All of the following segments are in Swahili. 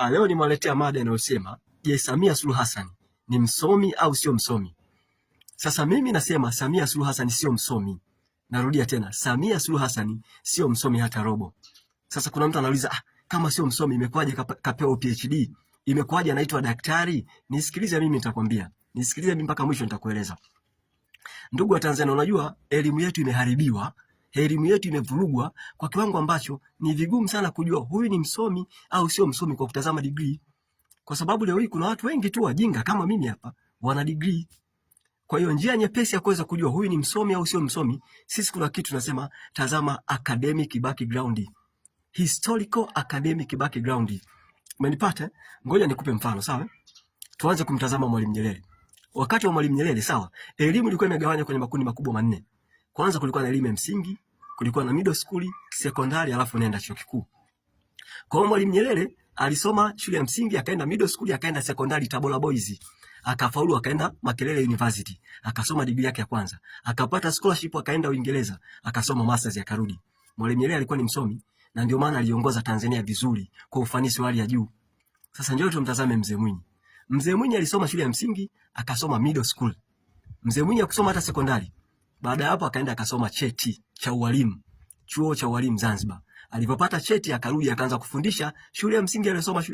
Ah, leo nimewaletea mada inayosema je, Samia Suluhu Hassan ni msomi au sio msomi? Sasa mimi nasema Samia Suluhu Hassan sio msomi. Narudia tena, Samia Suluhu Hassan sio msomi hata robo. Sasa kuna mtu anauliza ah, kama sio msomi imekwaje kapewa PhD? Imekwaje anaitwa daktari? Nisikilize mimi nitakwambia. Nisikilize mimi mpaka mwisho nitakueleza. Ndugu wa Tanzania, unajua elimu yetu imeharibiwa elimu yetu imevurugwa kwa kiwango ambacho ni vigumu sana kujua huyu ni msomi au sio msomi kwa kutazama degree, kwa sababu leo hii kuna watu wengi tu wajinga kama mimi hapa wana degree. Kwa hiyo njia nyepesi ya kuweza kujua huyu ni msomi au sio msomi, sisi kuna kitu tunasema tazama academic background, historical academic background. Umenipata? Ngoja nikupe mfano, sawa? Tuanze kumtazama Mwalimu Nyerere. Wakati wa Mwalimu Nyerere, sawa, elimu ilikuwa imegawanywa kwenye makundi makubwa manne. Kwanza kulikuwa na elimu ya msingi, kulikuwa na middle school, sekondari alafu nenda chuo kikuu. Kwa hiyo Mwalimu Nyerere alisoma shule ya msingi akaenda middle school akaenda sekondari Tabora Boys akafaulu akaenda Makerere University akasoma digrii yake ya kwanza akapata scholarship akaenda Uingereza akasoma masters akarudi. Mwalimu Nyerere alikuwa ni msomi na ndio maana aliongoza Tanzania vizuri kwa ufanisi wa hali ya juu. Sasa njoo tumtazame Mzee Mwinyi. Mzee Mwinyi alisoma shule ya msingi akasoma middle school. Mzee Mwinyi akusoma hata sekondari baada ya hapo akaenda akasoma cheti cha ualimu, chuo cha ualimu Zanzibar. Alipopata cheti akarudi akaanza kufundisha shule ya msingi aliyosoma,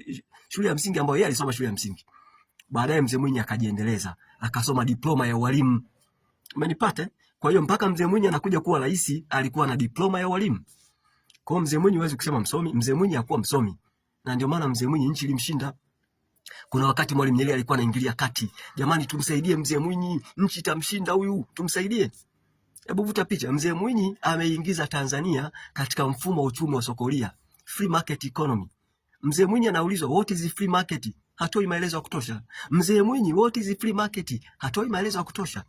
shule ya msingi ambayo yeye alisoma shule ya msingi. Baadaye mzee Mwinyi akajiendeleza, akasoma diploma ya ualimu. Umenipata? Kwa hiyo mpaka mzee Mwinyi anakuja kuwa rais alikuwa na diploma ya ualimu. Kwa mzee Mwinyi huwezi kusema msomi, mzee Mwinyi hakuwa msomi. Na ndio maana mzee Mwinyi nchi ilimshinda. Kuna wakati Mwalimu Nyerere alikuwa anaingilia kati, jamani, tumsaidie mzee Mwinyi, nchi itamshinda huyu, tumsaidie. Hebu vuta picha. Mzee Mwinyi ameingiza Tanzania katika mfumo wa uchumi wa sokolia, free market economy. Mzee Mwinyi anaulizwa what is free market, hatoi maelezo ya kutosha. Mzee Mwinyi what is free market, hatoi maelezo ya kutosha.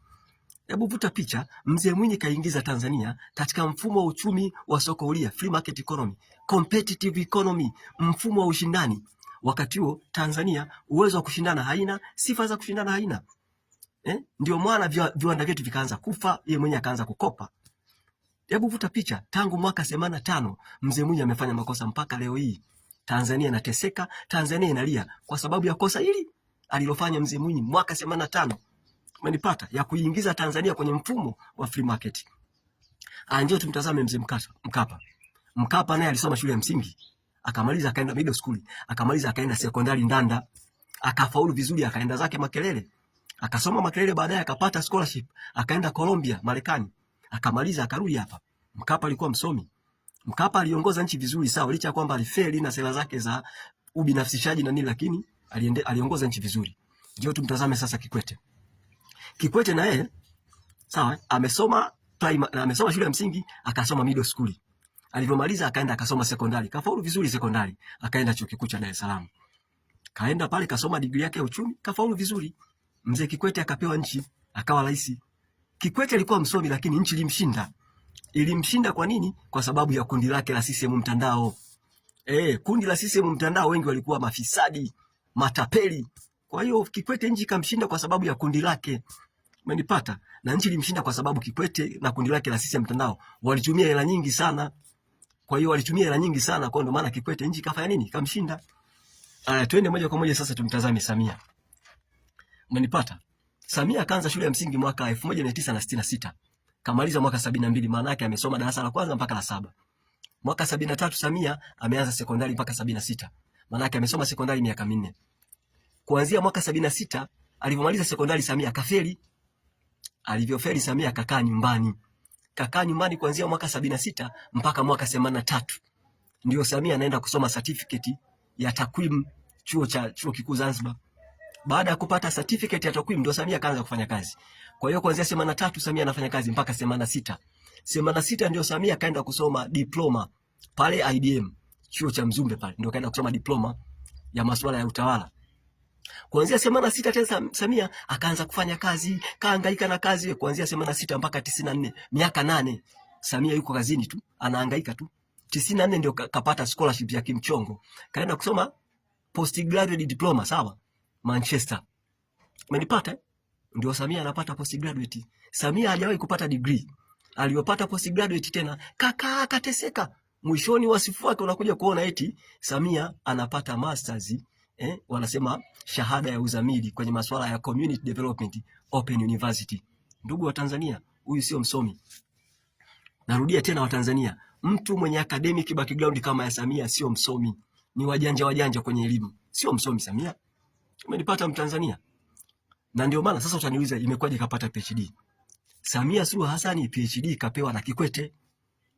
Hebu vuta picha. Mzee Mwinyi kaingiza Tanzania katika mfumo wa uchumi wa soko huria, free market economy, competitive economy, mfumo wa ushindani. Wakati huo Tanzania uwezo wa kushindana haina, sifa za kushindana haina. Eh? Ndio maana viwanda vyetu vikaanza kufa, yeye mwenyewe akaanza kukopa. Hebu vuta picha, tangu mwaka tano mzee Mwinyi amefanya makosa mpaka leo hii. Tanzania inateseka, Tanzania inalia kwa sababu ya kosa hili alilofanya mzee Mwinyi mwaka tano Umenipata? Ya kuingiza Tanzania kwenye mfumo wa free market. Ah, tumtazame mzee Mkapa. Mkapa naye alisoma shule ya msingi, akamaliza akaenda middle school, akamaliza akaenda sekondari Ndanda, akafaulu vizuri, akaenda zake Makelele akasoma Makerere, baadaye akapata scholarship akaenda Colombia Marekani, akamaliza akarudi hapa. Mkapa alikuwa msomi. Mkapa aliongoza nchi vizuri sawa, licha kwamba alifeli na sera zake za ubinafsishaji na nini, lakini aliende, aliongoza nchi vizuri. Ndio tumtazame sasa Kikwete. Kikwete na yeye sawa, amesoma prime, amesoma shule ya msingi, akasoma middle school. Alivyomaliza akaenda akasoma sekondari, kafaulu vizuri sekondari, akaenda chuo kikuu cha Dar es Salaam. Kaenda pale kasoma degree yake ya uchumi, kafaulu vizuri. Mzee Kikwete akapewa nchi akawa rais. Kikwete alikuwa msomi, lakini nchi ilimshinda. Ilimshinda kwa nini? Kwa sababu ya kundi lake la CCM mtandao. Eh, kundi la CCM mtandao wengi walikuwa mafisadi, matapeli. Kwa hiyo Kikwete nchi kamshinda kwa sababu ya kundi lake. Umenipata? Na nchi ilimshinda kwa sababu Kikwete na kundi lake la CCM mtandao walitumia hela nyingi sana. Kwa hiyo walitumia hela nyingi sana, kwa ndo maana Kikwete nchi kafanya nini? Kamshinda. Aya, twende moja kwa moja sasa tumtazame Samia. Umenipata? Samia akaanza shule ya msingi mwaka 1966. Kamaliza mwaka 72, maana yake amesoma darasa la kwanza mpaka la saba. Mwaka 73 Samia ameanza sekondari mpaka 76. Maana yake amesoma sekondari miaka minne. Kuanzia mwaka 76 alivyomaliza sekondari Samia akafeli. Alivyofeli Samia akakaa nyumbani. Kakaa nyumbani kuanzia mwaka 76 mpaka mwaka 83. Ndio Samia anaenda kusoma certificate ya takwimu chuo cha chuo kikuu Zanzibar. Baada ya kupata certificate ya takwimu ndio Samia kaanza kufanya kazi. Kwa hiyo kuanzia semana tatu Samia anafanya kazi mpaka semana sita. Semana sita ndio Samia kaenda kusoma diploma pale IDM, chuo cha Mzumbe pale ndio kaenda kusoma diploma ya masuala ya utawala. Kuanzia semana sita tena Samia akaanza kufanya kazi, kaangaika na kazi kuanzia semana sita mpaka 94, miaka nane. Samia yuko kazini tu, anahangaika tu. 94 ndio kapata scholarship ya kimchongo. Kaenda kusoma postgraduate diploma, sawa? Manchester. Umenipata? Eh? Ndio Samia anapata postgraduate. Samia hajawahi kupata degree. Aliyopata postgraduate tena kaka akateseka. Mwishoni wa sifa yake unakuja kuona eti Samia anapata masters eh, wanasema shahada ya uzamili kwenye masuala ya community development Open University. Ndugu wa Tanzania, huyu sio msomi. Narudia tena wa Tanzania, mtu mwenye academic background kama ya Samia sio msomi. Ni wajanja wajanja kwenye elimu. Sio msomi Samia. Umenipata Mtanzania? Na ndio maana sasa utaniuliza imekwaje kapata PhD? Samia Suluhu Hassan PhD kapewa na Kikwete.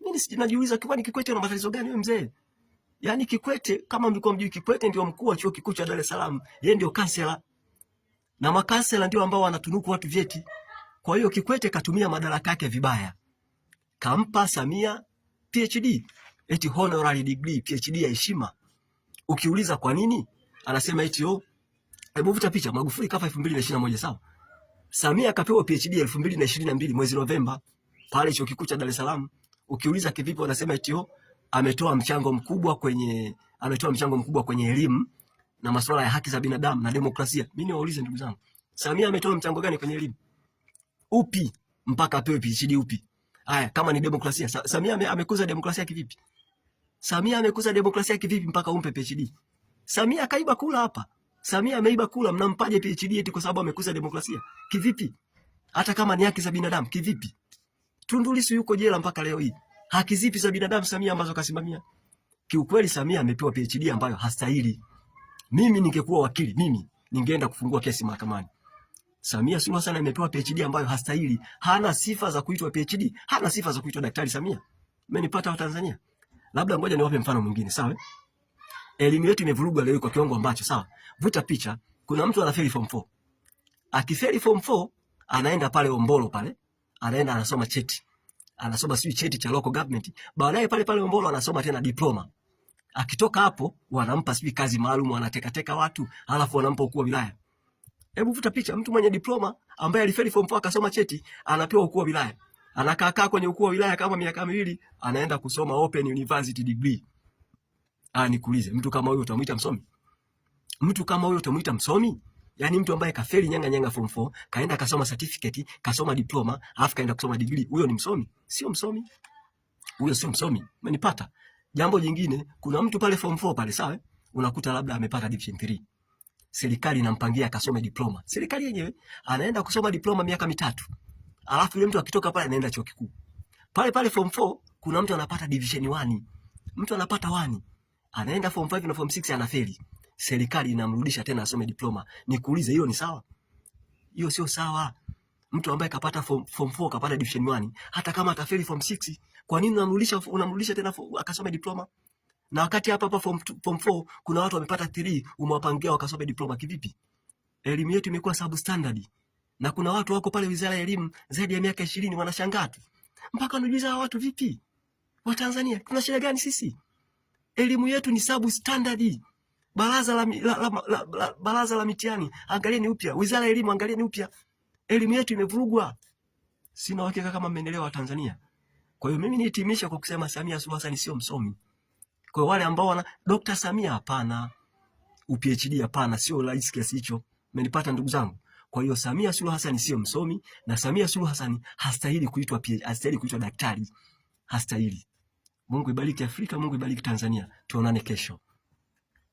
Mimi sijinajiuliza nini Kikwete ana matatizo gani wewe mzee? Yaani Kikwete kama mlikuwa mjui Kikwete ndio mkuu wa chuo kikuu cha Dar es Salaam, yeye ndio kansela. Na makansela ndio ambao wanatunuku watu vyeti. Kwa hiyo Kikwete katumia madaraka yake vibaya. Kampa Samia PhD, eti honorary degree, PhD ya heshima. Ukiuliza kwa nini? Anasema eti oh, alipovuta picha. Magufuli kafa 2021 sawa? Samia akapewa PhD 2022 mwezi Novemba pale chuo kikuu cha Dar es Salaam. Ukiuliza kivipi, wanasema eti oh, ametoa mchango mkubwa kwenye ametoa mchango mkubwa kwenye elimu na masuala ya haki za binadamu na demokrasia. Mimi niwaulize ndugu zangu, Samia ametoa mchango gani kwenye elimu? Upi mpaka apewe PhD upi? Haya, kama ni demokrasia, Samia amekuza demokrasia kivipi? Samia amekuza demokrasia kivipi mpaka umpe PhD? Samia kaiba kula hapa. Samia ameiba kula, mnampaje PhD eti kwa sababu amekuza demokrasia? Kivipi? Hata kama ni haki za binadamu, kivipi? Tundu Lissu yuko jela mpaka leo hii. Haki zipi za binadamu Samia ambazo kasimamia? Kiukweli Samia amepewa PhD ambayo hastahili. Mimi ningekuwa wakili, mimi ningeenda kufungua kesi mahakamani. Samia Suluhu Hassan amepewa PhD ambayo hastahili. Hana sifa za kuitwa PhD, hana sifa za kuitwa daktari Samia. Mmenipata wa Tanzania? Labda ngoja niwape mfano mwingine, sawa? elimu yetu imevurugwa leo kwa kiwango ambacho sawa. Vuta picha, kuna mtu anafeli form 4. Akifeli form 4 anaenda pale Ombolo pale, anaenda anasoma cheti. Anasoma sio cheti cha local government. Baadaye pale pale Ombolo anasoma tena diploma. Akitoka hapo wanampa sio kazi maalum, anateka teka watu, alafu wanampa ukuu wa wilaya. Hebu vuta picha, mtu mwenye diploma ambaye alifeli form 4 akasoma cheti, anapewa ukuu wa wilaya. Anakaa kaa kwenye ukuu wa wilaya kama miaka miwili, anaenda kusoma open university degree. Ah, nikuulize, mtu kama huyo utamuita msomi? Mtu kama huyo utamuita msomi? Yaani mtu ambaye kafeli nyanga nyanga form 4, kaenda kasoma certificate, kasoma diploma, afu kaenda kusoma degree, huyo ni msomi? Sio msomi. Huyo sio msomi. Umenipata? Jambo jingine, kuna mtu pale form 4 pale, sawa? Unakuta labda amepata division 3. Serikali inampangia akasome diploma. Serikali yenyewe anaenda kusoma diploma miaka mitatu. Alafu yule mtu akitoka pale anaenda chuo kikuu. Pale pale form 4 kuna mtu anapata division 1. Mtu anapata 1 anaenda form 5 na form 6 anafeli, serikali inamrudisha tena asome diploma. Nikuulize, hiyo ni sawa? Hiyo sio sawa. Mtu ambaye kapata form, form 4 kapata division 1 hata kama atafeli form 6, kwa nini unamrudisha unamrudisha tena akasome diploma? Na wakati hapa hapa form 2, form 4 kuna watu wamepata 3 umewapangia wakasome diploma kivipi? Elimu yetu imekuwa substandard. Na kuna watu wako pale Wizara ya Elimu zaidi ya miaka 20 wanashangaa tu. Mpaka unajiuliza watu vipi? Watanzania tuna shida gani sisi? elimu yetu ni sabu substandard. Baraza la, la, la, la, la, baraza la mitihani angalieni upya, wizara ya elimu angalieni upya. Elimu yetu imevurugwa. Sina uhakika kama mmeendelea wa Tanzania. Kwa hiyo mimi nihitimisha kwa kusema Samia Suluhu Hassan sio msomi. Kwa wale ambao wana Dr. Samia hapana, uphd hapana, sio rais kiasi hicho. Mmenipata ndugu zangu? Kwa hiyo Samia Suluhu Hassan sio msomi na Samia Suluhu Hassan hastahili kuitwa hastahili kuitwa daktari, hastahili. Mungu ibariki Afrika, Mungu ibariki Tanzania. Tuonane kesho.